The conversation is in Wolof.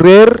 réer